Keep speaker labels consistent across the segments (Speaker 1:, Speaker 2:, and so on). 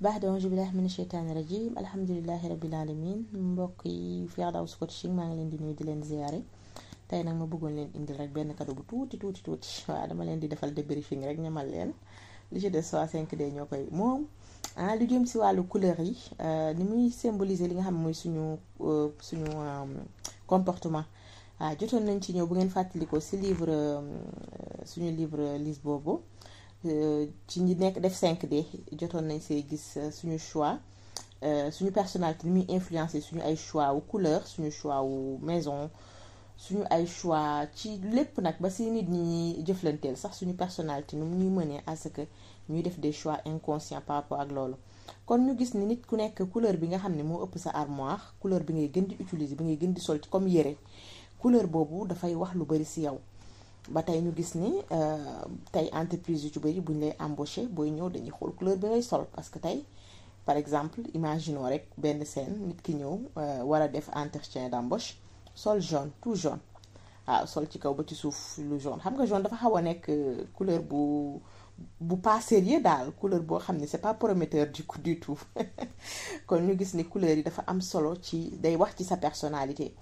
Speaker 1: baax de auzu billaahi mina sheytaani rajiim alhamdulillahi rabbil alamin mbokk yi Firdaws Coaching maa ngi leen di nuyu di leen ziyaare tey nag ma bëggoon leen indil rek benn cadeau bu tuuti tuuti tuuti waaw dama leen di defal débriefing rek ñamal leen li ci des waa cinq de ñoo koy moom ah lu jëm si wàllu couleur yi euh, ni muy symboliser li nga xam mooy suñu euh, suñu euh, comportement waaw ah, jotoon nañ ci ñëw bu ngeen fàttalikoo si livre suñu livre lise boobu Euh, ci ñi nekk def cinq de jotoon nañ see gis euh, suñu choix euh, suñu personnalité ni muy influencer suñu ay choix wu couleur suñu choix wu maison suñu ay choix ci lépp nag ba si nit ñi jëflanteel sax suñu personnalité ni mu ñuy mënee à que ñuy def des choix inconscients par rapport ak loolu. kon ñu gis ni nit ku nekk couleur bi nga xam ne moo ëpp sa armoire couleur bi ngay gën di utiliser bi ngay gën di sol ci comme yére couleur boobu dafay wax lu bari si yow. ba tey ñu gis ni euh, tey entreprise yu ci bëri bu ñu lay embaucher booy ñëw dañuy xool couleur bi ngay sol parce que tey par exemple imaginons rek benn scène nit ki ñëw euh, war a def entretien d'embauche sol jaune tout jaune waaw ah, sol ci kaw ba ci suuf lu jaune xam nga jaune dafa xaw a nekk euh, couleur bu bu pas sérieux daal couleur boo xam ne c'est pas prometteur du coup du tout kon ñu gis ni couleur yi dafa am solo ci day wax ci sa personnalité.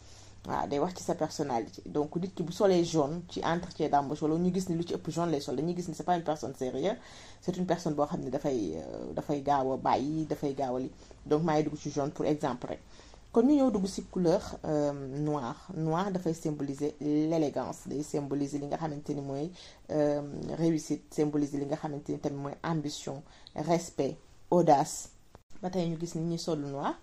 Speaker 1: waa day wax ci sa personnalité donc nit ki bu solee jaune ci entretien d'embauche wala ñu gis ni lu ci ëpp jaune lay sol dañuy gis ni c'est pas une personne sérieuse c'est une personne boo xam ne dafay euh, gaaw a bàyyi dafay gaaw a li donc maa dugg ci jaune pour exemple rek kon ñu ñëw dugg ci couleur euh, noir noir dafay symboliser l'élégance day symboliser li nga xamante ni mooy euh, réussite symboliser li nga xamante ni tamit mooy ambition respect audace ba ñu gis ni ñuy sol noir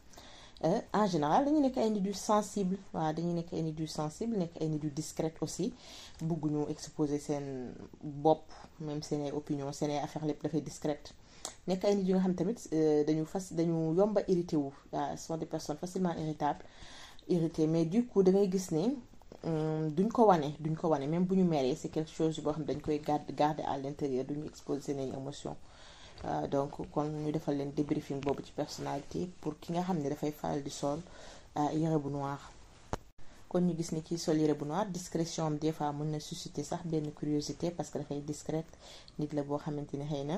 Speaker 1: Euh, en général dañu nekk ay nit yu sensible waaw dañu nekk ay nit yu sensible nekk ay nit yu discrète aussi bëgguñu exposer seen bopp même seen ay opinion seen ay affaire lépp dafay discrète nekk ay nit yu nga xam tamit euh, dañu fas dañu yomba irrité wu waaw sont des personnes facilement irritables irrité mais du coup da ngay gis ne duñ ko wane duñ ko wane même bu ñu meree c'est quelque chose boo xam dañ koy garder garder à l'intérieur duñu exposer seen ay Euh, donc kon ñu defal leen débriefing boobu ci personnalité pour ki nga xam ne dafay faral di sol euh, yére bu noir kon ñu gis ni kii sol yére bu noir discrétion am des fois mën na susciter sax benn curiosité parce que dafay discrète nit la boo xamante ne xëy na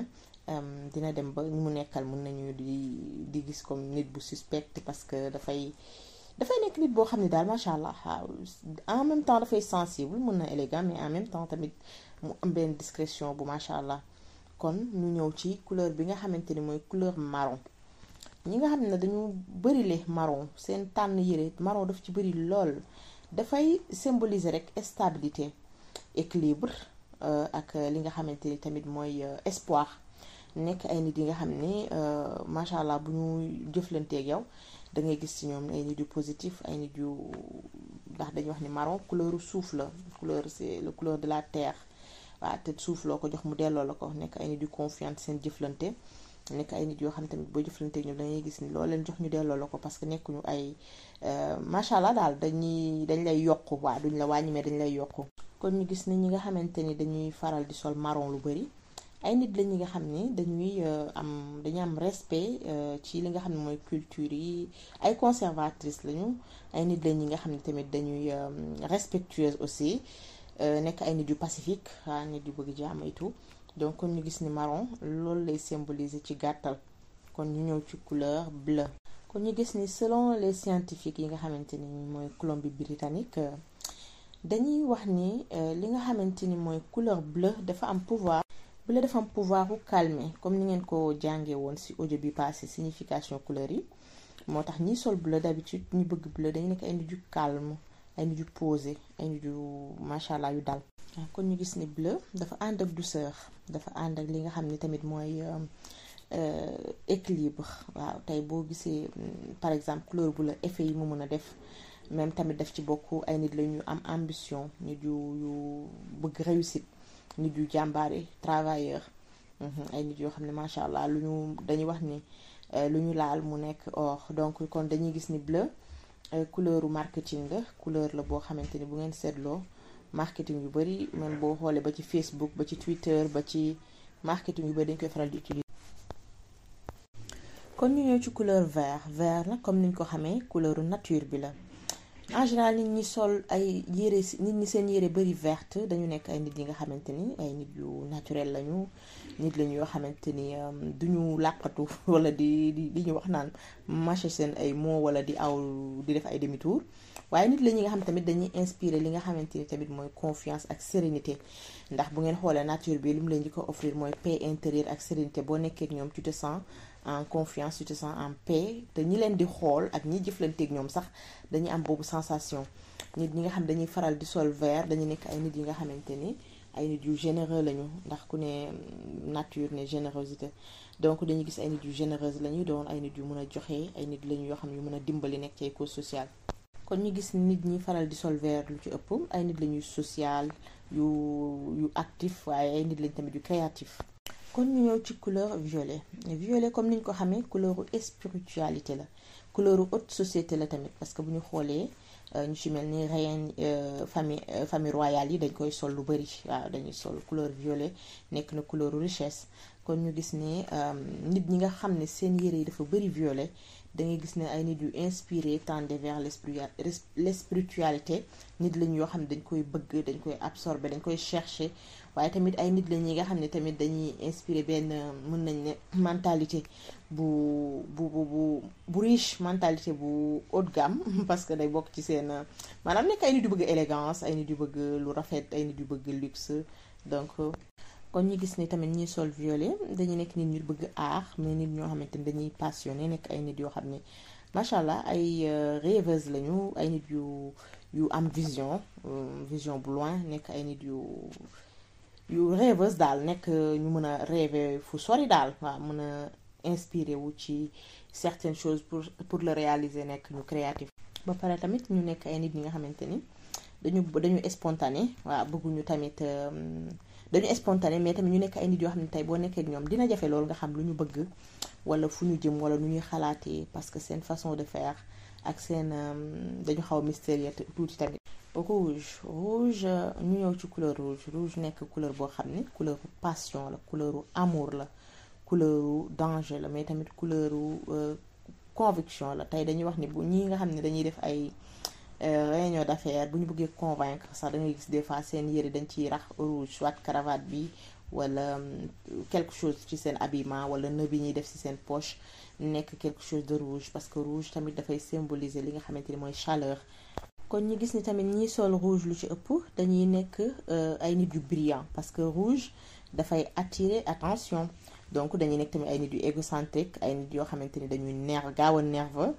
Speaker 1: euh, dina dem ba ñu mu nekkal mun nañu di di gis comme nit bu suspect parce que dafay dafay nekk nit boo xam ne daal macha allah ah, en même temps dafay sensible mën na élégant mais en même temps tamit mu am benn discrétion bu macha allah. kon ñu ñëw ci couleur bi nga xamante ni mooy couleur marron ñi nga xam ne dañu bëri le marron seen tànn yére marron daf ci bëri lool dafay symboliser rek stabilité équilibre euh, ak li nga xamante ni tamit mooy euh, espoir nekk ay nit yi nga xam ne euh, macha allah bu ñu jëflanteeg yow da ngay gis ci ñoom ay nit yu positif ay nit yu ndax dañuy wax ni marron couleur suuf la couleur couleur de la terre. ah te suuf loo ko jox mu delloo la ko nekk ay nit yu confiance seen jëflante nekk ay nit yoo xam tamit boo jëflante ñu dañuy gis ni loo jox ñu delloo la ko parce que nekkuñu ay euh, macha allah daal dañuy dañ lay yokk waa duñ la wàññimee mais dañ lay yokk kon ñu gis ni ñi nga xamante ni dañuy faral di sol marron lu bari ay nit lañ ñi nga xam ni dañuy euh, am dañuy am respect euh, ci li nga xam ne mooy culture yi ay conservatrice lañu ay nit la ñi nga xam ne tamit dañuy respectueuse aussi Euh, nekk ay nit yu pacifique ah nit yu bëgg jàmm et tout donc kon ñu gis ni marron loolu lay symboliser ci gàttal kon ñu ñëw ci couleur bleu. kon ñu gis ni selon les scientifiques yi nga xamante ni mooy Colombie britannique euh, dañuy wax ni euh, li nga xamante ni mooy couleur bleu dafa am pouvoir. bleu dafa am pouvoir ku comme ni ngeen ko jàngee woon ci audio bi passé signification couleur yi moo tax ñiy sol bleu d'habitude ñu bëgg bleu dañu nekk ay nit yu calme. ay nit yu posé ay nit yu macha allah yu dal. Ah, kon ñu gis ni bleu dafa ànd ak douceur dafa ànd ak li nga xam ne tamit mooy euh, euh, équilibre waaw tey boo gisee mm, par exemple couleur bu la effet yi mu mën a def même tamit def ci bokk ay nit la ñu am ambition nit yu yu bëgg réussite nit yu jàmbaare travailleur mm-hmm, ay nit yoo xam ne macha allah lu ñu dañuy wax ni euh, lu ñu laal mu nekk or donc kon dañuy gis ni bleu. Euh, couleuru marketing la couleur la boo xamante ni bu ngeen seetloo marketing yu bari même boo xoolee ba ci Facebook ba ci Twitter ba ci marketing yu bëri dañ koy faral di utiliser. kon ñu ñëw ci couleur vert vert nag comme niñ ko xamee couleuru nature bi la. en général nit ñi sol ay yére si nit ñi seen yére bëri verte dañu nekk ay nit yi nga xamante ni ay nit yu naturel lañu nit lañu yoo xamante ni euh, duñu làqatu wala di di ñu wax naan mache seen ay mots wala di aw di def ay demi tour waaye nit la ñi nga xam tamit dañuy inspiré li nga xamante ni tamit mooy confiance ak sérénité ndax bu ngeen xoolee nature bi lim la ñu ko offrir mooy paix intérieure ak sérénité boo nekkee ñoom tu te sens en confiance tu te sens en paix te ñi leen di xool ak ñi jëflanteeg ñoom sax dañuy am boobu sensation nit ñi nga xam dañuy faral di sol vert dañu nekk ay nit yi nga xamante ni ay nit yu généreux lañu ndax ku ne mm, nature ne générosité donc dañuy gis ay nit yu généreuse lañu doon ay nit yu mën a joxe ay nit lañu yoo xam ne yu mën a dimbali nekk ci ay cause kon ñu gis nit ñi faral di sol vert lu ci ëpp ay nit lañuy social yu yu actif waaye ay nit lañ tamit yu créatif kon ñu ñëw ci couleur violet violet comme ni ñu ko xamee couleur spiritualité la couleur haute société la tamit parce que bu ñu xoolee euh, ñu ci mel ni reine euh, fami euh, famille royale yi dañ koy sol lu bari waaw dañuy sol couleur violet nekk na couleur richesse kon ñu gis ne nit ñi nga xam ne seen yére yi dafa bari violet da ngay gis ne ay nit yu inspiré tendé vers l' spiritualité nit lañ yoo xam ne dañ koy bëgg dañ koy absorbé dañ koy cherché waaye tamit ay nit la ñi nga xam ne tamit dañuy inspiré benn mën nañ ne mentalité bu bu bu bu bu riche mentalité bu haut de parce que day bokk ci seen maanaam nekk ay nit yu bëgg élégance ay nit yu bëgg lu rafet ay nit yu bëgg luxe donc euh, kon ñu gis ni tamit ñi sol violet dañu nekk nit ñu bëgg art mais nit ñoo xamante ni dañuy passionné nekk ay nit yoo xam ne macha allah ay euh, rêveuse lañu ay nit yu yu am vision euh, vision bu loin nekk ay nit yu yu rêveuse daal nekk euh, ñu mën a rêver fu sori daal waaw mën a inspiré wu ci certaines chose pour pour le réaliser nekk ñu créative ba pare tamit ñu nekk ay nit ñi nga xamante ni dañu dañu spontané waaw bëgguñu tamit. dañu spontané mais tamit ñu nekk ay nit yoo xam ne tey boo nekkee ak ñoom dina jafe loolu nga xam lu ñu bëgg wala fu ñu jëm wala nu ñuy xalaatee parce que seen façon de faire ak seen euh, dañu xaw a mystérieux tuuti tamit. rouge rouge ñu ñëw ci couleur rouge rouge nekk couleur boo xam ne couleur passion la couleur amour la couleur danger la mais tamit couleur euh, conviction la tey dañuy wax ni bu ñi nga xam ne dañuy def ay. Euh, réunion d'affaires bu ñu bëggee convaincre sax da gis des fois seen yëre dañ ciy rax rouge soit cravate bi wala euh, quelque chose ci seen habillement wala nœud bi ñuy def ci seen poche nekk quelque chose de rouge parce que rouge tamit dafay symboliser li nga xamante ni mooy chaleur. kon ñu gis ni tamit ñiy sol rouge lu ci ëpp dañuy nekk euh, ay nit yu brillant parce que rouge dafay attirer attention donc dañuy nekk tamit ay nit yu égocentrique ay nit yoo xamante ni dañuy nerf gaaw a nerveux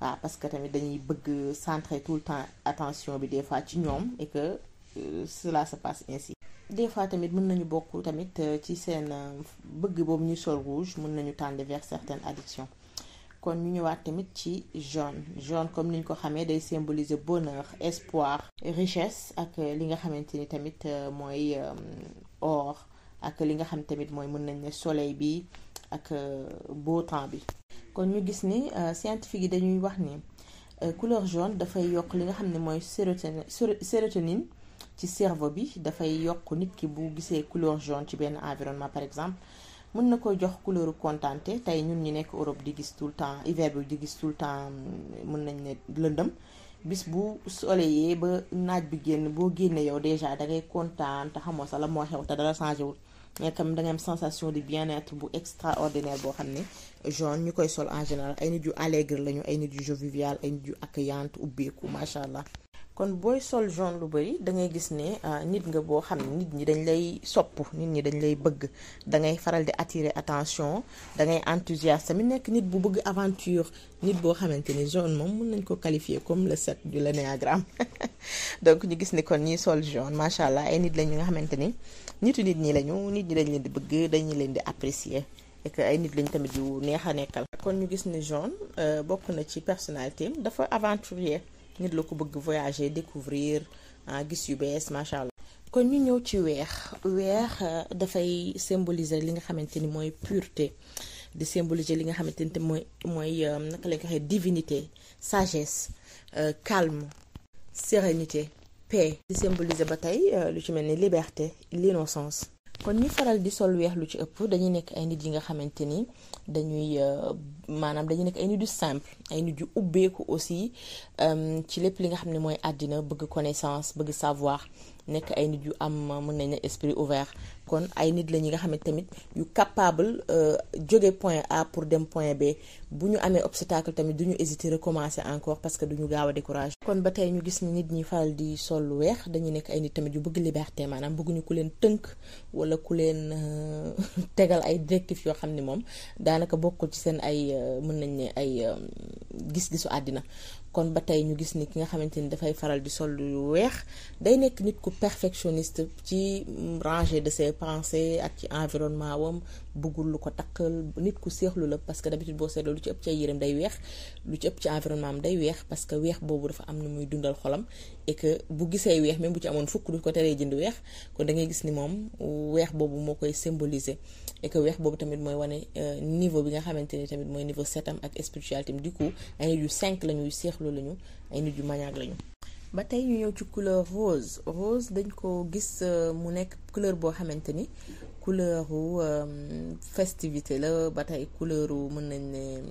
Speaker 1: waaw ah, parce que tamit dañuy bëgg centre tout le temps attention bi des fois ci ñoom et que euh, cela se passe ainsi. des fois tamit mën nañu bokk tamit euh, ci seen euh, bëgg boobu ñuy sol rouge mun nañu tendre vers certaines addictions kon ñu ñëwaat tamit ci jaune jaune comme ni ñu ko xamee day symboliser bonheur espoir richesse ak li nga xamante ni tamit mooy or ak li nga xam tamit mooy mën nañ ne soleil bi ak beau temps bi. kon ñu gis ni euh, scientifique yi dañuy wax ni euh, couleur jaune dafay yokk li nga xam ne mooy sérotonin sérotonine ci cerveau bi dafay yokk nit ki bu gisee couleur jaune ci benn environnement par exemple mën na ko jox couleuru kontante tey ñun ñu nekk Europe di gis tout temps hiver bi di gis tout le euh, nañ ne lëndam bis bu soleillé ba naaj bi génn boo génnee yow déjà da ngay kontaan te xamoo la moo xew te dara changé wul mais tam da nga am sensation de bien-être bu extraordinaire boo xam ne jaune ñu koy sol en général ay nit yu allègre lañu ay nit yu jovial ay nit yu accueillante ubbeeku macha allah. kon booy sol jaune lu bëri da ngay gis ne ah, nit nga boo xam ne nit ñi dañ lay sopp nit ñi dañ lay bëgg da ngay faral di attirer attention da ngay enthousiaste mi nekk nit bu bëgg aventure nit boo xamante ni jaune moom mun nañ ko qualifier comme le 7 du l'ennéagramme donc ñu gis ni kon ñi sol jaune macha allah ay nit la ñu nga xamante ni nitu nit ñi lañu nit ñi dañ leen di bëgg dañu leen di apprécier et ay nit lañu tamit yu neex a nekkal. kon ñu gis ni jaune euh, bokk na ci personnalité am dafa aventurier nit la ko bëgg voyager découvrir ah, gis yu bees macha allah. kon ñu ñëw ci weex weex euh, dafay symboliser li nga xamante ni mooy pureté di symboliser li nga xamante ni mooy mooy euh, naka lañ ko waxee divinité sagesse calme sérénité paix di symboliser ba tey euh, lu ci mel ni liberté l'innocence kon ñi faral di sol weex lu ci ëpp dañuy nekk ay nit yi nga xamante ni dañuy euh, maanaam dañuy nekk ay nit yu simple ay nit yu ubbeeku aussi euh, ci lépp li nga xam ne mooy àddina bëgg connaissance bëgg savoir nekk ay nit yu am euh, mën nañ ne esprit ouvert kon ay nit la ñi nga xam ne tamit yu capable euh, jóge point A pour dem point B bu ñu amee obstacle tamit du ñu hésiter recommencer encore parce que du ñu gaaw a découragé. kon ba tey ñu gis ni nit ñi faral di sol lu weex dañuy nekk ay nit tamit yu bëgg liberté maanaam bëgguñu ku leen tënk wala ku leen euh, tegal ay directives yoo xam ne moom daanaka bokkul ci seen ay mën nañ ne ay gis-gisu àddina kon ba tey ñu gis ni ki nga xamante ni dafay faral di sol lu weex day nekk nit ku perfectionniste ci rangée de ses pensées ak ci environnement wam bëggul lu ko takkal nit ku seexlu la parce que d'habitude boo seetloo lu ci ëpp ci day weex lu ci ëpp ci environnement am parce que weex boobu dafa am na muy dundal xolam et que bu gisee weex même bu ci amoon fukk du ko teree jënd weex kon dangay ngay gis ni moom weex boobu moo koy symboliser et weex boobu tamit mooy wane euh, niveau bi nga xamante ni tamit mooy niveau setam ak spiritualité du coup année yu 5 la ñuy seex soxla lañu ay nit yu maniaque lañu. ba tey ñu ñëw ci couleur rose rose dañ ko gis euh, mu nekk couleur boo xamante ni couleur euh, festivité la ba tey couleur mën nañ ne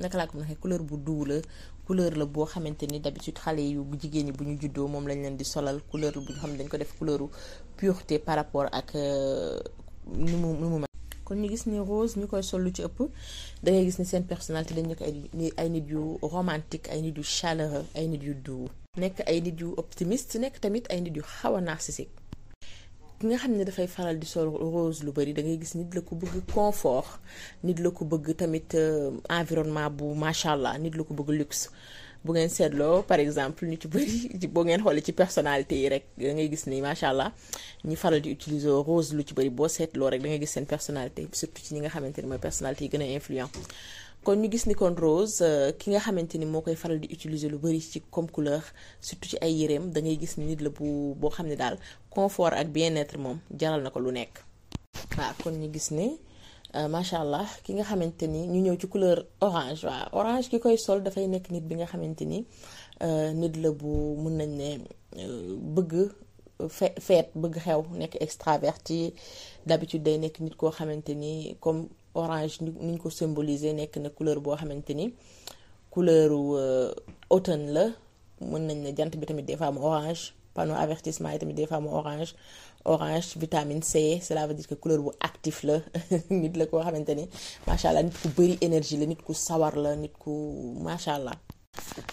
Speaker 1: naka laa ko mën couleur bu duu la couleur la boo xamante ni d'habitude xale yu jigéen ñi bu ñu juddoo moom lañ leen di solal couleur bu ñu xam dañ ko def couleur pureté par rapport ak euh, ni mu kon ñu gis ni Rose ñu koy sol lu ci ëpp dangay gis ni seen personnalité dañ nekk ay ay nit yu romantique ay nit yu chaleureux ay nit yu doux. nekk ay nit yu optimiste nekk tamit ay nit yu xaw a narcissique ki nga xam ne dafay faral di sol Rose lu bari da ngay gis nit la ko bëgg confort nit la ko bëgg tamit euh, environnement bu macha allah nit la ko bëgg luxe. bu ngeen seetloo par exemple ñu ci bëri boo ngeen xoolee ci personalité yi rek da gis ni macha allah ñu faral di utiliser rose lu ci bëri boo seetloo rek da ngay gis seen personalité surtout ci ñi nga xamante ni mooy personnalité yi gën a influent kon ñu gis ni kon rose euh, ki nga xamante ni moo koy faral di utiliser lu bëri ci comme couleur surtout ci ay yéreem da gis ni nit la boo xam ne daal confort ak bien-être moom jaral na ko lu nekk waaw kon ñu gis ni Euh, macha allah ki nga xamante ni ñu ñëw ci couleur orange waaw orange ki koy sol dafay nekk nit bi nga xamante ni euh, nit la bu mun nañ ne euh, bëgg feet bëgg xew nekk extraverti d'habitude day nekk nit koo xamante ni comme orange ni ñu ko symboliser nekk na couleur boo xamante ni couleuru automne la mën nañ ne jant bi tamit des fois mu orange panneau avertissement yi tamit des fois mu orange. orange vitamine C cela veut dire que couleur bu actif la nit la koo xamante ni macha allah nit ku bëri énergie la nit ku sawar la nit ku macha allah.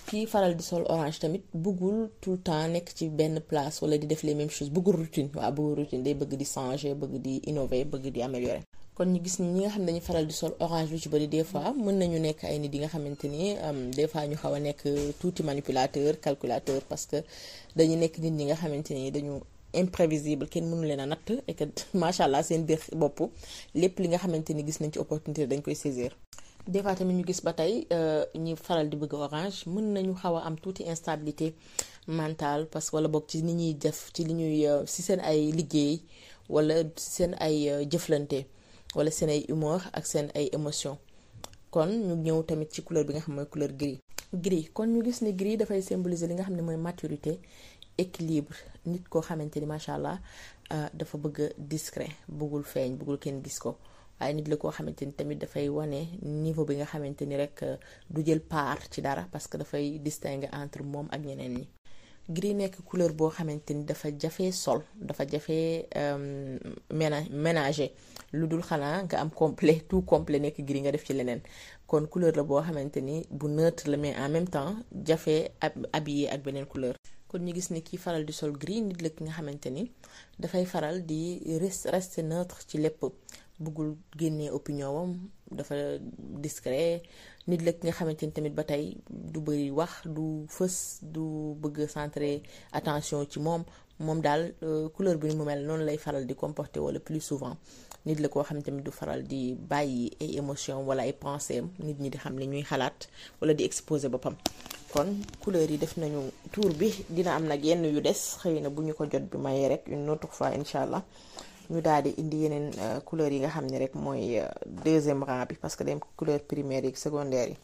Speaker 1: kii faral di sol orange tamit bëggul tout le temps nekk ci benn place wala di def les mêmes choses bëggul routine waaw bëggul routine day bëgg di changer bëgg di innover bëgg di améliorer. kon ñu gis ñi nga xam ne dañu faral di sol orange lu ci bëri des fois mën nañu nekk ay nit yi nga xamante ni des fois ñu xaw a nekk tuuti manipulateur calculateur parce que dañu nekk nit ñi nga xamante ni dañu imprévisible kenn mënu leen a natt et que macha allah seen biir bopp lépp li nga xamante ni gis nañ ci opportunité dañ koy saisir. des fois tamit ñu gis ba tey euh, ñu faral di bëgg orange mën nañu xaw a am tuuti instabilité mentale parce que wala boog ci ni ñuy def ci li ñuy si euh, seen ay liggéey wala seen ay euh, jëflante wala seen ay humeur ak seen ay émotion kon ñu ñëw tamit ci couleur bi nga xam mooy couleur gris. gris kon ñu gis ne gris dafay symboliser li nga xam ne mooy maturité. équilibre nit koo xamante ni macha allah ah, dafa bëgg a discret bëggul feeñ bëggul kenn gis ko waaye nit la koo xamante ni tamit dafay wane niveau bi nga xamante ni rek ah, du jël part ci dara parce que dafay distinguer entre moom ak ñeneen ñi. gri nekk couleur boo xamante ni dafa jafee sol dafa jafee ehm, ménager lu dul xanaa nga am complet tout complet nekk gris nga def ci leneen kon couleur la boo xamante ni bu neutre la mais en même temps jafee habillé ak beneen couleur. kon ñu gis ni kii faral di sol gris nit la ki nga xamante ni dafay faral di reste neutre ci lépp bëggul génnee opinion wam dafa discret nit la ki nga xamante ni tamit ba tey du bëri wax du fës du bëgg centrer attention ci moom moom daal euh, couleur bi mu mel noonu lay faral di comporter wala plus souvent nit la koo xam tamit du faral di bàyyi ay émotion wala ay pensées nit ñi di xam ne ñuy xalaat wala di exposer boppam kon couleur yi def nañu tour bi dina am nag yenn yu des xëy na bu ñu ko jot bi mayee rek une autre fois incha allah ñu daal di indi yeneen euh, couleur yi nga xam ne rek mooy euh, deuxième rang bi parce que dem couleur primaire yi secondaire yi